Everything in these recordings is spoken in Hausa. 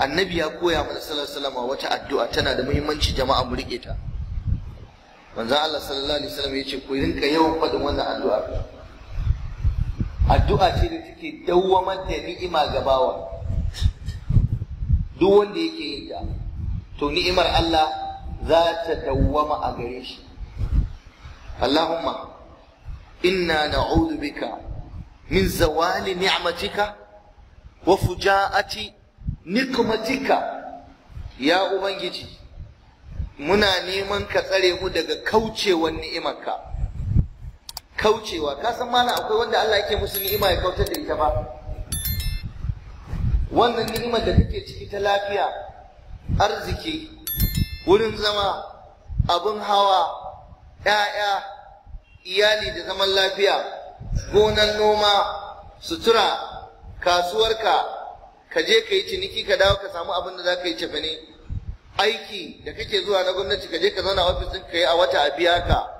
annabi ya koya mana sallallahu alaihi wata addu'a tana da muhimmanci jama'a mu rike ta manzon Allah sallallahu alaihi wasallam yace ku rinka yawan faɗin wannan addu'a addu'a ce da take dawwamar da ni'ima ga bawa duk wanda yake yin ta to ni'imar Allah za ta dawwama a gare shi Allahumma inna na'udhu bika min zawali ni'matika wa fujaati nikmatika ya ubangiji muna neman ka tsare mu daga kaucewan ni'imarka kaucewa ka san mana akwai wanda Allah yake musu ni'ima ya kautar da ita ba wannan ni'imar da kake ciki ta lafiya arziki wurin zama abin hawa ‘ya'ya iyali da zaman lafiya gonan noma sutura kasuwarka ka je ka yi ciniki ka dawo ka samu abin da za ka yi cefane aiki da kake zuwa na gwamnati ka je ka zauna ofis ɗin ka yi a wata a biya ka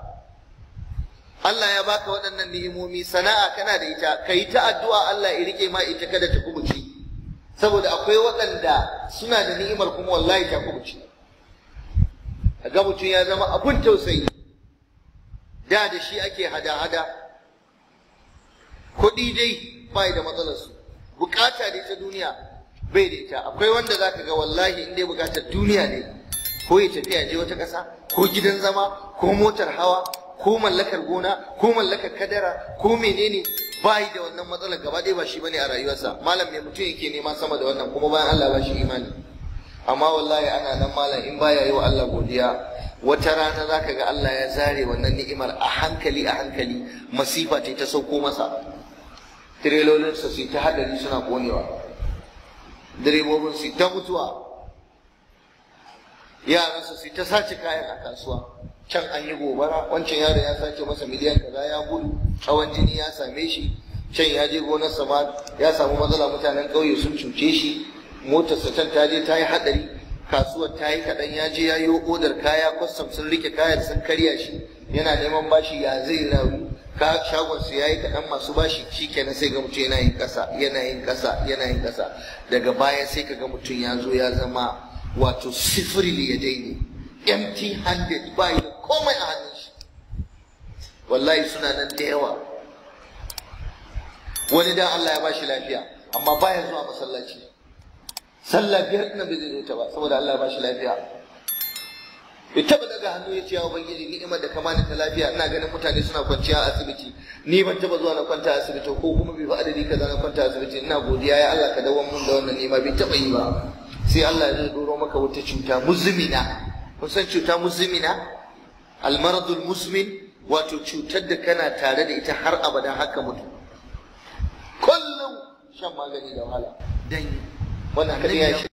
Allah ya baka waɗannan ni'imomi sana'a kana da ita ka yi ta addu'a Allah ya rike ma ita kada ta kubuce saboda akwai waɗanda suna da ni'imar kuma wallahi ta kubuce ga mutum ya zama abun tausayi da da shi ake hada-hada kuɗi dai bai da matsalarsu bukata ne ta duniya bai da ita akwai wanda za ka ga wallahi in dai bukatar duniya ne ko ya tafiya je wata ƙasa ko gidan zama ko motar hawa ko mallakar gona ko mallakar kadara ko menene bai da wannan matsalar gaba ɗaya ba shi bane a rayuwarsa malam mai mutum yake nema sama da wannan kuma bayan Allah ba shi imani amma wallahi ana nan malam in baya yi wa Allah godiya wata rana za ka ga Allah ya zare wannan ni'imar a hankali a hankali masifa ce ta sauko masa tirelolinsa su ta hadari suna konewa. direbobin su ta mutuwa yaransa su ta sace kayan a kasuwa can an yi gobara wancan yaro ya sace masa miliyan kaza ya gudu hawan jini ya same shi can ya je gonar ma ya samu matsala mutanen ƙauye sun cuce shi motarsa can ta je ta yi hadari. kasuwar ta yi kaɗan ya je ya yi odar kaya kwastam sun rike kayan sun karya shi yana neman bashi ya zai rayu ka shagon su yayi kaɗan masu bashi shikenan sai ga mutum yana yin ƙasa yana yin ƙasa yana yin ƙasa daga baya sai ka ga mutum ya zo ya zama wato sifiri ne ya daine empty handed ba da komai a hannun shi wallahi suna nan da yawa wani dan Allah ya ba shi lafiya amma baya zuwa masallaci sallah biyar na bai zai zo ta ba saboda Allah ya bashi lafiya ya taba daga hannu ya ce ya ubangiji ni'imar da kama ta lafiya ina ganin mutane suna kwanciya a asibiti ni ban taba zuwa na kwanta asibiti ko kuma bai fi adadi kaza na kwanta asibiti ina godiya ya Allah ka dawo mun da wannan ni'ima bai taba yi ba sai Allah ya doro maka wata cuta muzmina kun san cuta muzmina almaradul musmin wato cutar da kana tare da ita har abada haka mutu kullum shan magani da wahala dan wannan